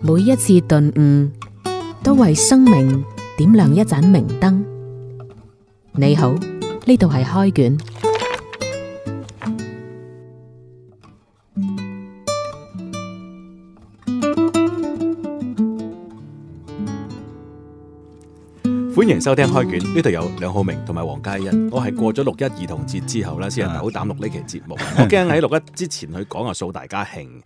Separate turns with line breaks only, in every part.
每一次頓悟，都為生命點亮一盞明燈。你好，呢度係開卷，歡迎收聽開卷。呢度有梁浩明同埋黃嘉欣，我係過咗六一兒童節之後呢先係斗膽錄呢期節目。 我驚喺六一之前去講啊，掃大家興。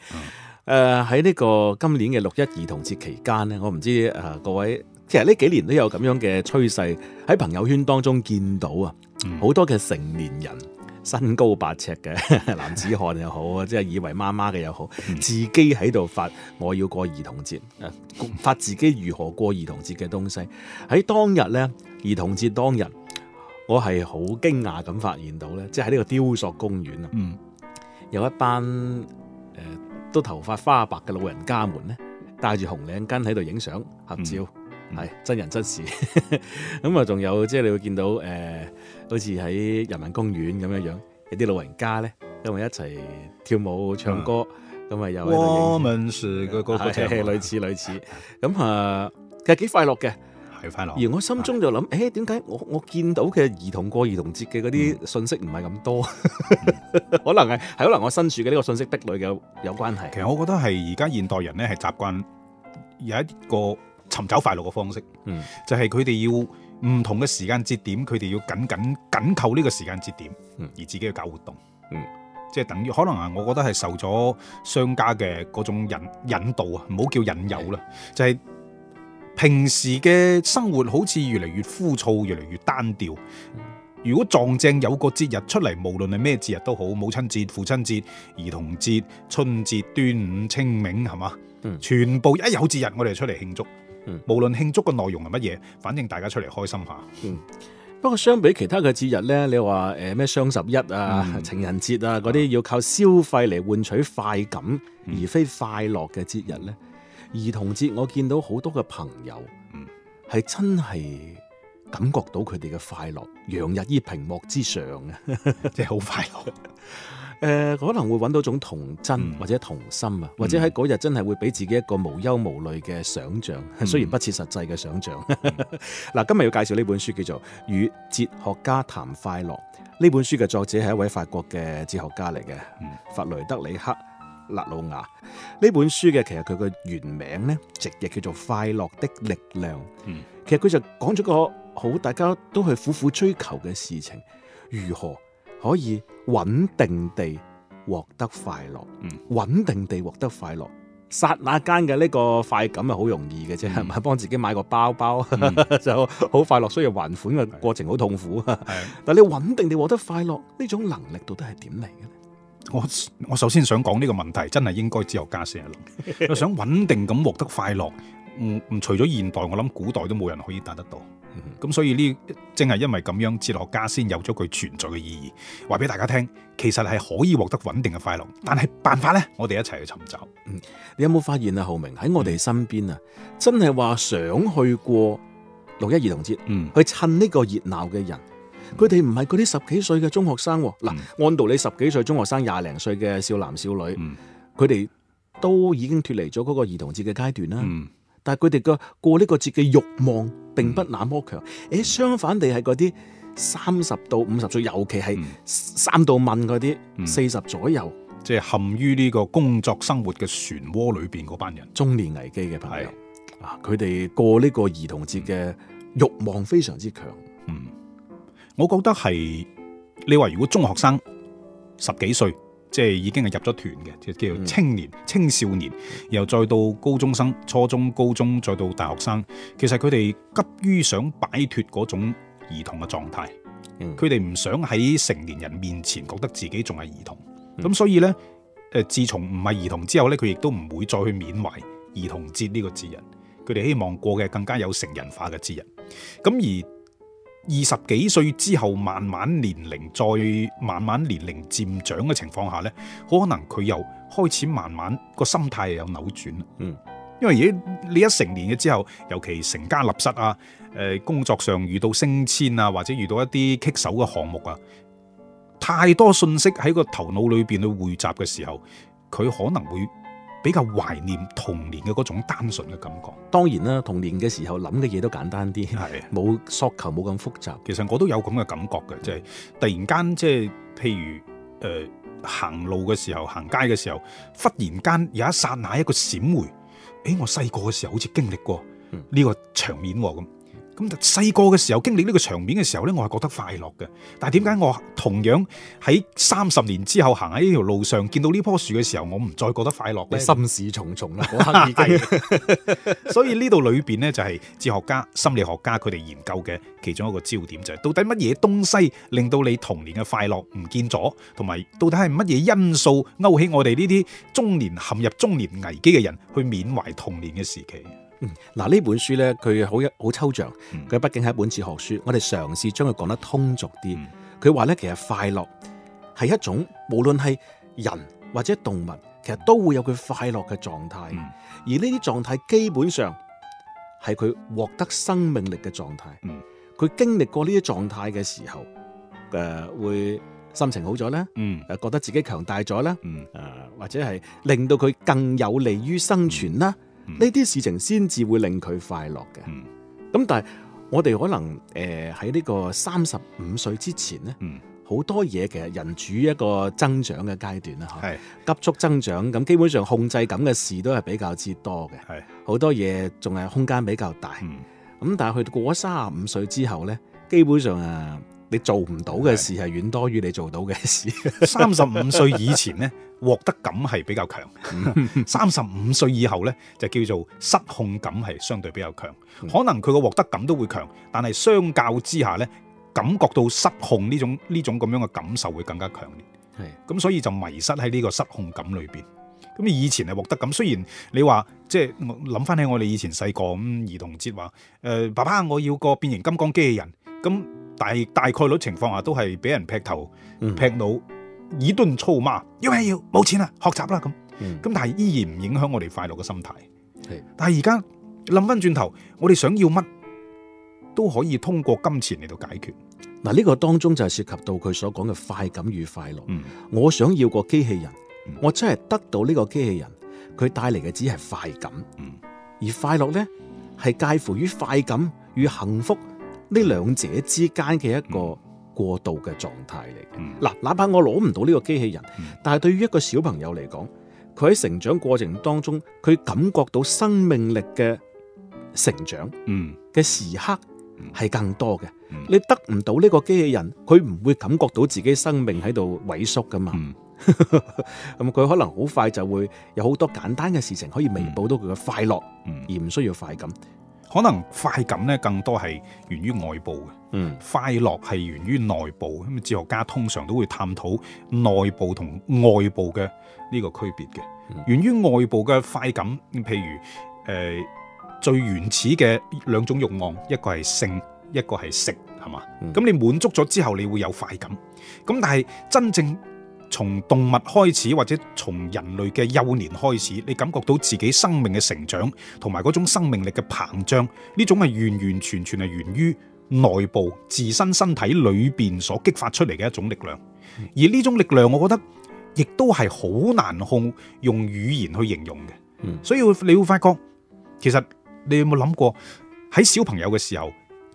誒，喺呢、呃、個今年嘅六一兒童節期間咧，我唔知誒、呃、各位，其實呢幾年都有咁樣嘅趨勢，喺朋友圈當中見到啊，好、嗯、多嘅成年人身高八尺嘅男子漢又好，即係 以為媽媽嘅又好，嗯、自己喺度發我要過兒童節、呃，發自己如何過兒童節嘅東西。喺當日呢，兒童節當日，我係好驚訝咁發現到呢，即係喺呢個雕塑公園啊，嗯、有一班。都頭髮花白嘅老人家們咧，戴住紅領巾喺度影相合照，係、嗯、真人真事。咁 啊、嗯，仲有即係、就是、你會見到誒、呃，好似喺人民公園咁樣樣，有啲老人家咧，咁啊一齊跳舞唱歌，咁啊、嗯、又我們影樹嘅嗰個哥哥，係類似類似。咁啊、呃，其實幾快樂嘅。睇翻落，而我心中就諗，誒是，點解、欸、我我見到嘅兒童過兒童節嘅嗰啲信息唔係咁多？嗯、
可能係，係可能我身處嘅呢個信息壁壘嘅有關係。其實我覺得係而家現代人咧係習慣有一個尋找快樂嘅方式，嗯，就係佢哋要唔同嘅時間節點，佢哋要緊緊緊扣呢個時間節點，嗯、而自己要搞活動，嗯，即係等於可能啊，我覺得係受咗商家嘅嗰種引引導啊，唔好叫引誘啦，是的就係、是。平時嘅生活好似越嚟越枯燥，越嚟越單調。如果撞正有個節日出嚟，無論係咩節日都好，母親節、父親節、兒童節、春節、端午、清明，係嘛？嗯，全部一有節日我哋出嚟慶祝。嗯，無論慶祝嘅內容係乜嘢，反正大家出嚟開心下。嗯，
不過相比其他嘅節日呢，你話誒咩雙十一啊，嗯，情人節啊嗰啲，要靠消費嚟換取快感，而非快樂嘅節日呢。兒童節我見到好多嘅朋友，係真係感覺到佢哋嘅快樂，洋溢於屏幕之上啊！即係好快樂。誒、 呃，可能會揾到一種童真、嗯、或者童心啊，或者喺嗰日真係會俾自己一個無憂無慮嘅想象，嗯、雖然不切實際嘅想象。嗱、嗯， 今日要介紹呢本書叫做《與哲學家談快樂》。呢本書嘅作者係一位法國嘅哲學家嚟嘅，弗、嗯、雷德里克。《勒老牙》呢本書嘅，其實佢嘅原名咧，直譯叫做《快樂的力量》。嗯，其實佢就講咗個好大家都去苦苦追求嘅事情，如何可以穩定地獲得快樂？嗯、穩穩定地獲得快樂，剎那間嘅呢個快感啊，好容易嘅啫，係咪、嗯？幫自己買個包包、嗯、 就好快樂，所以還款嘅過程好痛苦。的 但你穩定地獲得快樂呢種能
力，到底係點嚟嘅？我我首先想講呢個問題，真係應該只有哲學家先諗。我想穩定咁獲得快樂，唔、嗯、唔除咗現代，我諗古代都冇人可以達得到。咁所以呢，正係因為咁樣，哲學家先有咗佢存在嘅意義。話俾大家聽，其實係可以獲得穩定嘅快樂，但係辦法呢，我哋一齊去尋找。嗯，你
有冇發現啊，浩明喺我哋身邊啊，嗯、真係話想去過六一兒童節，嗯，去趁呢個熱鬧嘅人。佢哋唔係嗰啲十幾歲嘅中學生、啊，嗱、嗯、按道理十幾歲中學生廿零歲嘅少男少女，佢哋、嗯、都已經脫離咗嗰個兒童節嘅階段啦、啊。嗯、但係佢哋嘅過呢個節嘅慾望並不那麼強。誒、嗯欸，相反地係嗰啲三十到五十歲，尤其係三到五嗰啲四十左右，即係陷於呢個工作生活嘅漩渦裏邊嗰班人，中年危機嘅朋友，是啊，佢哋過呢個兒童節嘅慾
望非常之強。嗯。我覺得係你話，如果中學生十幾歲，即係已經係入咗團嘅，即叫青年、青少年，又再到高中生、初中、高中，再到大學生。其實佢哋急於想擺脱嗰種兒童嘅狀態，佢哋唔想喺成年人面前覺得自己仲係兒童。咁、嗯、所以呢，誒，自從唔係兒童之後呢，佢亦都唔會再去緬懷兒童節呢個節日。佢哋希望過嘅更加有成人化嘅節日。咁而二十幾歲之後，慢慢年齡再慢慢年齡漸長嘅情況下呢，可能佢又開始慢慢個心態有扭轉。嗯，因為而家你一成年嘅之後，尤其成家立室啊，誒、呃，工作上遇到升遷啊，或者遇到一啲棘手嘅項目啊，太多信息喺個頭腦裏邊去匯集嘅時候，佢可能會。比較懷念童年嘅嗰種單純嘅感覺。當然啦，童年嘅時候諗嘅嘢都簡單啲，冇索求，冇咁複雜。其實我都有咁嘅感覺嘅，嗯、就係突然間即係譬如誒、呃、行路嘅時候、行街嘅時候，忽然間有一剎那一個閃回，誒、欸、我細個嘅時候好似經歷過呢個場面喎咁。嗯。咁細個嘅時候經歷呢個場面嘅時候呢，我係覺得快樂嘅。但係點解我同樣喺三十年之後行喺呢條路上見到呢棵樹嘅時候，我唔再覺得快樂咧？你心事重重啦， 所以呢度裏邊呢，就係哲學家、心理學家佢哋研究嘅其中一個焦點就係到底乜嘢東西令到你童年嘅快樂唔見咗，同埋到底係乜嘢因素勾起我哋呢啲中年陷入中年危機嘅人去緬懷童年嘅時期？嗱，呢、嗯、本書呢，佢好一好抽象，佢畢
竟係一本哲學書，我哋嘗試將佢講得通俗啲。佢話、嗯、呢，其實快樂係一種無論係人或者動物，其實都會有佢快樂嘅狀態，嗯、而呢啲狀態基本上係佢獲得生命力嘅狀態。佢、嗯、經歷過呢啲狀態嘅時候，誒、呃，會心情好咗呢，誒、嗯，覺得自己強大咗呢，誒、嗯，啊、或者係令到佢更有利於生存啦。嗯嗯呢啲事情先至會令佢快樂嘅。咁、嗯、但係我哋可能誒喺呢個三十五歲之前咧，好、嗯、多嘢其實人處於一個增長嘅階段啦，是急速增長，咁基本上控制咁嘅事都係比較之多嘅。好是多嘢仲係空間比較大。咁、嗯、但係去到過咗三十五歲之後呢，基本上啊。你做唔到嘅事係遠多於你做到嘅事
是。三十五歲以前咧， 獲得感係比較強；三十五歲以後呢就叫做失控感係相對比較強。嗯、可能佢個獲得感都會強，但係相較之下呢，感覺到失控呢種呢種咁樣嘅感受會更加強烈。係咁是，所以就迷失喺呢個失控感裏邊。咁你以前係獲得感，雖然你話即係諗翻起我哋以前細個咁兒童節話，誒、呃、爸爸我要個變形金剛機器人咁。大大概率情況下都係俾人劈頭劈腦耳頓粗罵，要咪要？冇錢啦，學習啦咁。咁但係依然唔影響我哋快樂嘅心態。係的，但係而家諗翻轉頭，我哋想要乜都可以通過金錢嚟到解決。嗱，呢個當中就係涉及到佢所講嘅快感與快
樂。嗯、我想要機、嗯、我個機器人，我真係得到呢個機器人，佢帶嚟嘅只係快感，嗯、而快樂呢係介乎於快感與幸福呢兩者之間嘅一個過渡嘅狀態嚟嘅，嗱、嗯，哪怕我攞唔到呢個機器人，嗯、但係對於一個小朋友嚟講，佢喺成長過程當中，佢感覺到生命力嘅成長，嗯嘅時刻係更多嘅。嗯、你得唔到呢個機器人，佢唔會感覺到自己生命喺度萎縮噶嘛，咁佢、嗯、 可能好快就會有好多簡單嘅事情可以
彌補到佢嘅快樂，嗯、而唔需要快感。可能快感咧更多係源於外部嘅，嗯、快樂係源於內部。咁哲學家通常都會探討內部同外部嘅呢個區別嘅。嗯、源於外部嘅快感，譬如、呃、最原始嘅兩種慾望，一個係性，一個係食，係嘛？咁、嗯、你滿足咗之後，你會有快感。咁但係真正從動物開始，或者從人類嘅幼年開始，你感覺到自己生命嘅成長，同埋嗰種生命力嘅膨脹，呢種係完完全全係源於內部自身身體裏邊所激發出嚟嘅一種力量。嗯、而呢種力量，我覺得亦都係好難控，用語言去形容嘅。嗯、所以你會發覺，其實你有冇諗過喺小朋友嘅時候？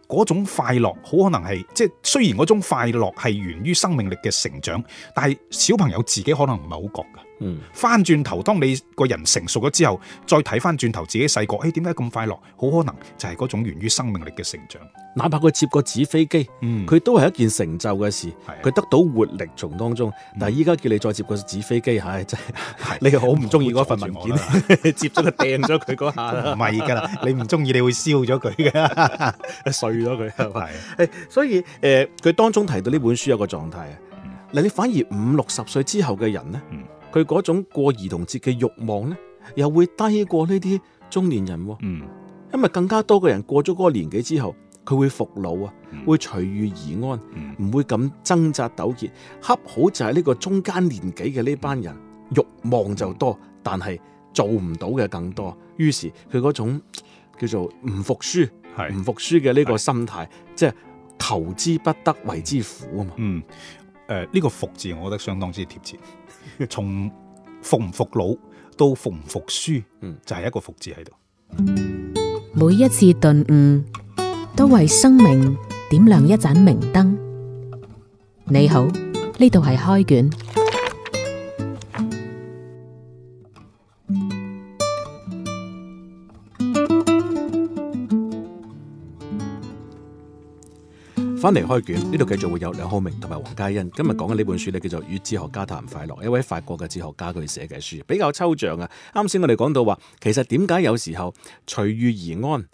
嗰種快樂好可能係，即係雖然嗰種快樂係源於生命力嘅成長，但係小朋友自己可能唔係好覺嘅。嗯，翻轉頭，當你個人成熟咗之後，再睇翻轉頭自己細個，誒，點解咁快樂？好可能就係嗰種源於生命力嘅成長。哪怕佢折個紙飛機，佢都係一件成就嘅事。佢得到活力從當中。
但係依家叫你再折個紙飛機，唉，真係你好唔中意嗰份文件，折咗佢掟咗佢嗰下，唔係噶啦，你唔中意你會燒咗佢噶，碎咗佢係。所以誒，佢當中提到呢本書有個狀態啊。你反而五六十歲之後嘅人咧。佢嗰種過兒童節嘅欲望呢，又會低過呢啲中年人，哦，嗯，因為更加多嘅人過咗嗰個年紀之後，佢會服老啊，嗯、會隨遇而安，唔、嗯、會咁掙扎糾結，恰好就係呢個中間年紀嘅呢班人，欲、嗯、望就多，嗯、但係做唔到嘅更多，於是佢嗰種叫做唔服輸、唔是服輸嘅呢個心
態，即係是求之不得為之苦啊嘛，嗯，呢、呃這個服字我覺得相當之貼切。從服唔服老到服唔服輸，嗯，就係、是、一個服字喺度。
每一次頓悟都為生命點亮一盞明燈。你好，呢度係開卷。翻嚟開卷，呢度繼續會有梁浩明同埋黃嘉欣今日講嘅呢本書咧叫做《與哲學家談快樂》，一位法國嘅哲學家佢寫嘅書比較抽象啊。啱先我哋講到話，其實點解有時候隨遇而安，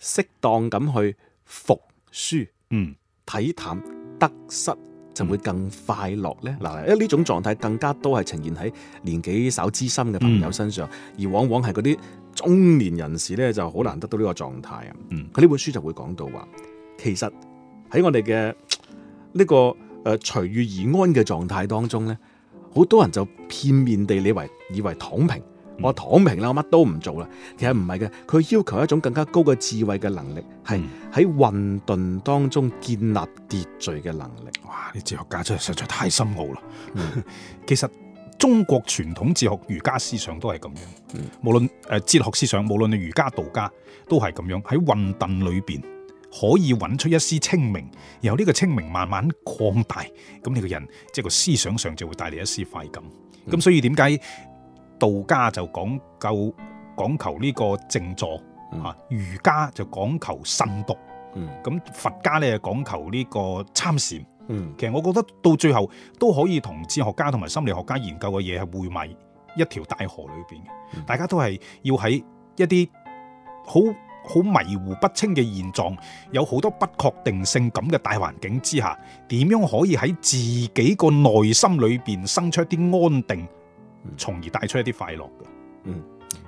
適當咁去服輸，嗯，體淡得失就會更快樂呢？嗱，呢種狀態更加都係呈現喺年紀稍資深嘅朋友身上，而往往係嗰啲中年人士咧就好難得到呢個狀態啊。佢呢本書就會講到話，其實。喺我哋嘅呢個誒隨遇而安嘅狀態當中咧，好多人就片面地以為以為躺平，我躺平啦，我乜都唔做啦。其實唔係嘅，佢要求一種更加高嘅智慧嘅能力，係喺混沌
當中建立秩序嘅能力。哇！啲哲學家真係實在太深奧啦。嗯、其實中國傳統哲學、儒家思想都係咁樣，嗯、無論誒哲學思想，無論你儒家、道家都係咁樣喺混沌裏邊。可以揾出一絲清明，由呢個清明慢慢擴大，咁你個人即係個思想上就會帶嚟一絲快感。咁、嗯、所以點解道家就講究講求呢個靜坐，啊、嗯，儒家就講求慎獨，咁、嗯、佛家咧講求呢個參禪。嗯、其實我覺得到最後都可以同哲學家同埋心理學家研究嘅嘢係匯埋一條大河裏邊，嗯、大家都係要喺一啲好。好迷糊不清嘅現狀，有好多不確定性咁嘅大環境之下，點樣可以喺自己個內心裏邊生出一啲安定，從而帶出一啲快樂嘅？嗯。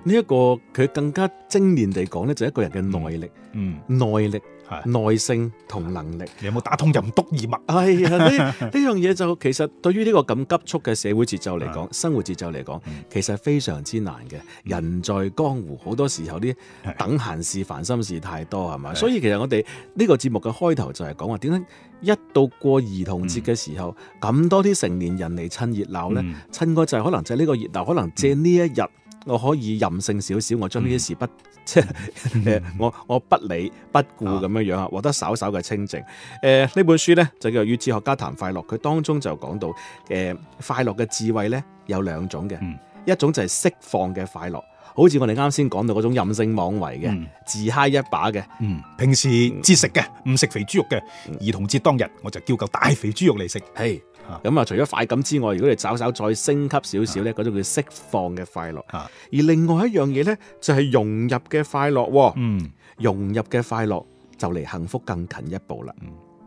呢一個
佢更加精煉地講呢，就一個人嘅耐力，嗯，耐力、耐性
同能力。你有冇打通任督二脈？哎呀，呢呢
樣嘢就其實對於呢個咁急促嘅社會節奏嚟講，生活節奏嚟講，其實非常之難嘅。人在江湖，好多時候啲等閒事、煩心事太多係嘛？所以其實我哋呢個節目嘅開頭就係講話點解一到過兒童節嘅時候咁多啲成年人嚟趁熱鬧呢？趁個就係可能就係呢個熱鬧，可能借呢一日。我可以任性少少，我將呢啲事不即、 呃，我我不理不顧咁樣樣啊，獲得稍稍嘅清靜。誒、呃、呢本書呢，就叫《與哲學家談快樂》，佢當中就講到誒、呃、快樂嘅智慧呢，有兩種嘅，嗯、一種就係釋放嘅快樂，好似我哋啱先講到嗰種任性妄為嘅，嗯、自嗨一把嘅，嗯、平時節食嘅，唔食、嗯、肥豬肉嘅，兒童節當日我就叫嚿大肥豬肉嚟食。嘿。咁啊，除咗快感之外，如果你稍稍再升級少少咧，嗰種叫釋放嘅快樂；而另外一樣嘢咧，就係融入嘅快樂。嗯，融入嘅快樂就離幸福更近一步啦。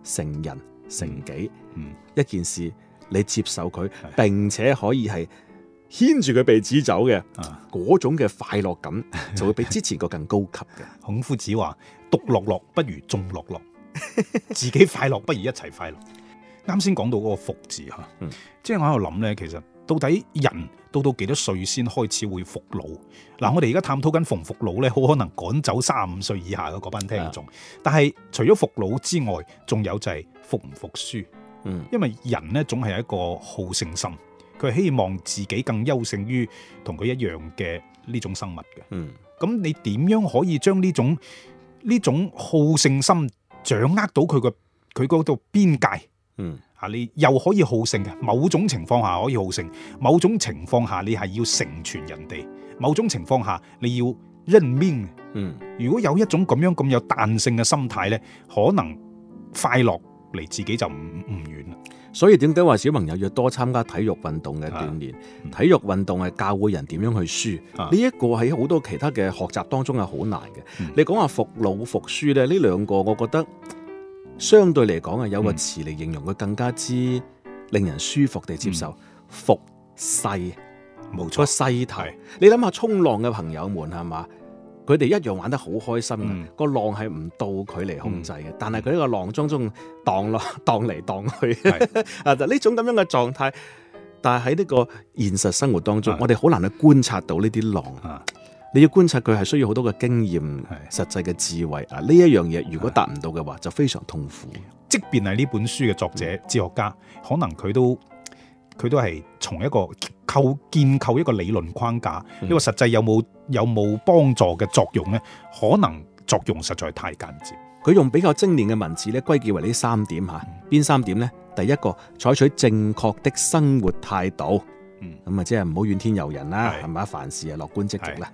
成人成己，嗯，一件事你接受佢，並且可以係牽住佢鼻子走嘅嗰種嘅快樂感，
就會比之前個更高級嘅。孔夫子話：獨樂樂不如眾樂樂，自己快樂不如一齊快樂。啱先講到嗰、那個服字吓，即係、嗯、我喺度諗咧，其實到底人到到幾多歲先開始會服老？嗱、嗯，我哋而家探討緊奉服老咧，好可能趕走三十五歲以下嘅嗰班聽眾。是的但係除咗服老之外，仲有就係服唔服輸？嗯，因為人咧總係一個好勝心，佢希望自己更優勝於同佢一樣嘅呢種生物嘅。嗯，咁你點樣可以將呢種呢種好勝心掌握到佢個佢嗰度邊界？嗯，吓你又可以好勝嘅，某種情況下可以好勝，某種情況下你係要成全人哋，某種情況下你要認命。嗯，如果有一種咁樣咁有彈性嘅心態呢，可能快樂離自己就唔唔遠。所以點解話小朋友要多參加體
育運動嘅鍛煉？啊嗯、體育運動係教會人點樣去輸。呢一、啊、個喺好多其他嘅學習當中係好難嘅。嗯、你講話服老服輸咧，呢兩個我覺得。相對嚟講啊，有個詞嚟形容佢、嗯、更加之令人舒服地接受，服勢、嗯，無出西頭。你諗下衝浪嘅朋友們係嘛，佢哋一樣玩得好開心嘅，嗯、個浪係唔到佢嚟控制嘅，嗯、但係佢呢個浪當中蕩落、蕩嚟、蕩去啊！就呢 種咁樣嘅狀態，但係喺呢個現實生活當中，是我哋好難去觀察到呢啲浪。啊你要觀
察佢係需要好多嘅經驗、實際嘅智慧啊！呢是一樣嘢如果達唔到嘅話，是就非常痛苦。即便係呢本書嘅作者、哲、嗯、學家，可能佢都佢都係從一個構建構一個理論框架，呢個、嗯、實際有冇有冇幫助嘅作用呢？可能作用實在太間接。佢用比較精煉嘅文
字咧，歸結為呢三點吓，邊、啊嗯、三點呢？第一個，採取正確的生活態度。嗯，咁啊，即係唔好怨天尤人啦，係嘛，凡事啊，樂觀積極啦，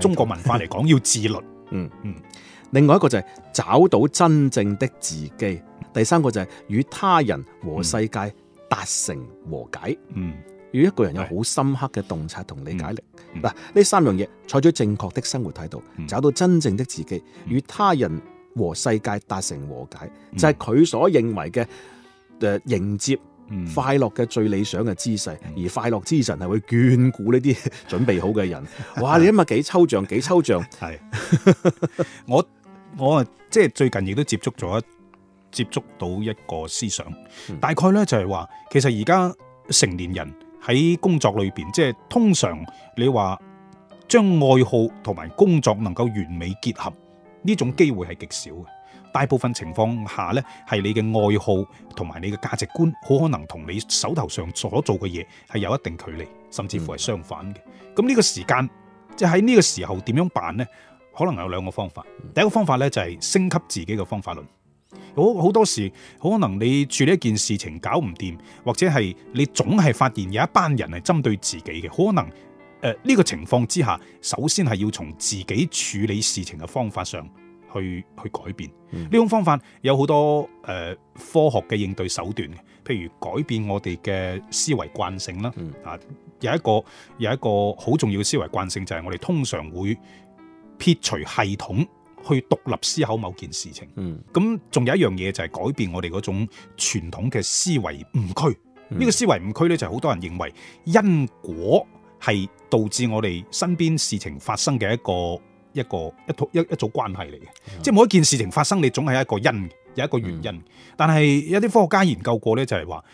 中國文化嚟講要自律，嗯嗯，另外一個就係找到真正的自己，第三個就係與他人和世界達成和解，嗯，與一個人有好深刻嘅洞察同理解力，嗱，呢三樣嘢採取正確的生活態度，找到真正的自己，與他人和世界達成和解，就係佢所認為嘅誒迎接。嗯、快樂嘅最理想嘅姿勢，嗯、而快樂之神係會眷顧呢啲準備好嘅人。 哇！你諗啊幾抽象，幾
抽象？係是， 我我啊，即係最近亦都接觸咗，接觸到一個思想。嗯、大概咧就係、是、話，其實而家成年人喺工作裏邊，即係通常你話將愛好同埋工作能夠完美結合，呢種機會係極少嘅。大部分情況下呢，係你嘅愛好同埋你嘅價值觀，好可能同你手頭上所做嘅嘢係有一定距離，甚至乎係相反嘅。咁呢、嗯、個時間，即喺呢個時候點樣辦呢？可能有兩個方法。第一個方法呢，就係、是、升級自己嘅方法論。好好多時候可能你處理一件事情搞唔掂，或者係你總係發現有一班人係針對自己嘅，可能誒呢、呃這個情況之下，首先係要從自己處理事情嘅方法上。去去改變呢、嗯、種方法有好多誒、呃、科學嘅應對手段，譬如改變我哋嘅思維慣性啦，嗯、啊有一個有一個好重要嘅思維慣性就係我哋通常會撇除系統去獨立思考某件事情，咁仲、嗯、有一樣嘢就係改變我哋嗰種傳統嘅思維誤區，呢、嗯、個思維誤區呢就係好多人認為因果係導致我哋身邊事情發生嘅一個一個一套一一組關係嚟嘅，Yeah. 即係每一件事情發生，你總係一個因，有一個原因。Mm. 但係有啲科學家研究過呢，就係話，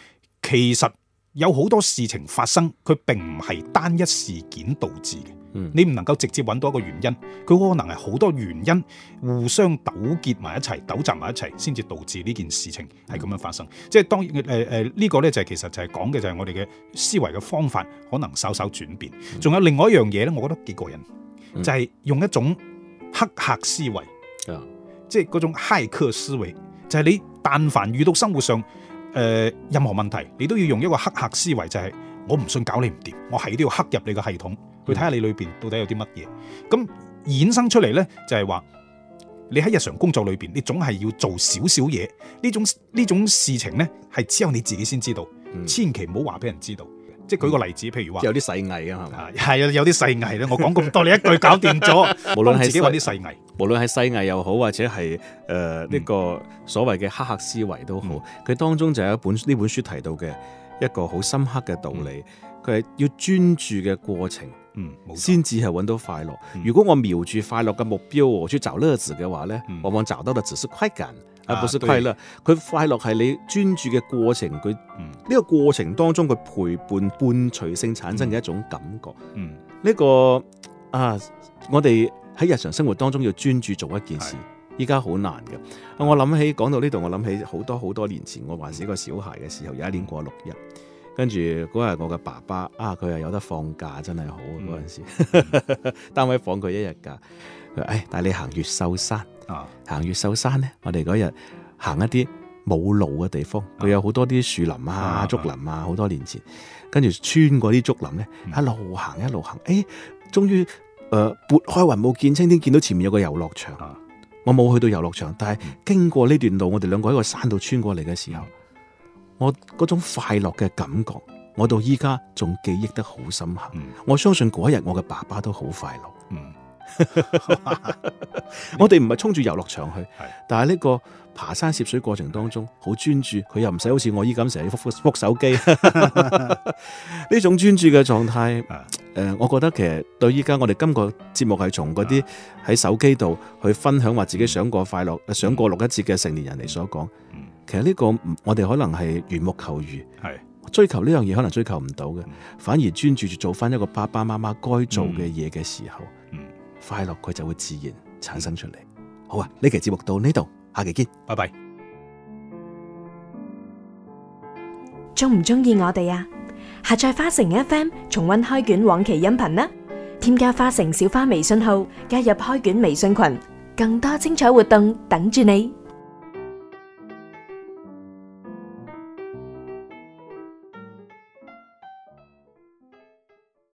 其實有好多事情發生，佢並唔係單一事件導致嘅。Mm. 你唔能夠直接揾到一個原因，佢可能係好多原因，mm. 互相糾結埋一齊、糾纏埋一齊，先至導致呢件事情係咁樣發生。Mm. 即係當然，誒、呃、誒，呢個咧就係其實就係講嘅就係我哋嘅思維嘅方法可能稍稍轉變。仲、mm. 有另外一樣嘢呢，我覺得幾過癮。就係用一種黑客思維，嗯、即係嗰種黑客思維，就係、是、你但凡遇到生活上誒、呃、任何問題，你都要用一個黑客思維，就係、是、我唔信搞你唔掂，我係都要黑入你個系統去睇下你裏邊到底有啲乜嘢。咁、嗯、衍生出嚟呢，就係、是、話你喺日常工作裏邊，你總係要做少少嘢。呢種呢種事情呢，係只有你自己先知道，嗯、千祈唔好話俾人知道。即係舉個例子，譬如話有啲細藝啊，係嘛？係啊，有啲細藝咧，我講咁多你一句搞掂咗。 無論係自己揾啲細藝，
無論係細藝又好，或者係誒呢個所謂嘅黑客思維都好，佢、嗯、當中就有一本呢本書提到嘅一個好深刻嘅道理，佢係、嗯、要專注嘅過程，嗯，先至係揾到快樂。如果我瞄住快樂嘅目標，我去找樂子嘅話咧，往往、嗯、找到嘅只是規係啦，佢、啊啊啊、快樂係你專注嘅過程，佢呢個過程當中佢陪伴伴隨性產生嘅一種感覺。呢、嗯這個啊，我哋喺日常生活當中要專注做一件事，依家好難嘅的。我諗起講到呢度，我諗起好多好多年前我還是一個小孩嘅時候，有一年過六一，嗯、跟住嗰日我嘅爸爸啊，佢係有得放假，真係好嗰陣時，嗯、 單位放佢一日假。誒，帶你行越秀山，行越秀山咧。我哋嗰日行一啲冇路嘅地方，會有好多啲樹林啊、竹林啊。好多年前，跟住穿過啲竹林咧，一路行一路行，誒，終於誒撥開雲霧見青天，見到前面有個遊樂場。我冇去到遊樂場，但係經過呢段路，我哋兩個喺個山度穿過嚟嘅時候，我嗰種快樂嘅感覺，我到依家仲記憶得好深刻。我相信嗰一日我嘅爸爸都好快樂。 我哋唔係衝住遊樂場去，是的但係呢個爬山涉水過程當中，好專注，佢又唔使好似我依家成日要 f 手機，呢 種專注嘅狀態，誒的、呃，我覺得其實對依家我哋今個節目係從嗰啲喺手機度去分享話自己想過快樂、嗯、想過六一節嘅成年人嚟所講，嗯、其實呢、這個我哋可能係緣木求魚，的追求呢樣嘢可能追求唔到嘅，嗯、反而專注住做翻一個爸爸媽媽該做嘅嘢嘅時候，嗯快樂佢就會自然產生出嚟。好啊，呢期節目到呢度，下期見，拜拜。
鍾唔鍾意我哋啊？下載花城 FM 重溫開卷往期音頻啦！添加花城小花微信號，加入開卷微信群，更多精彩活動等住你。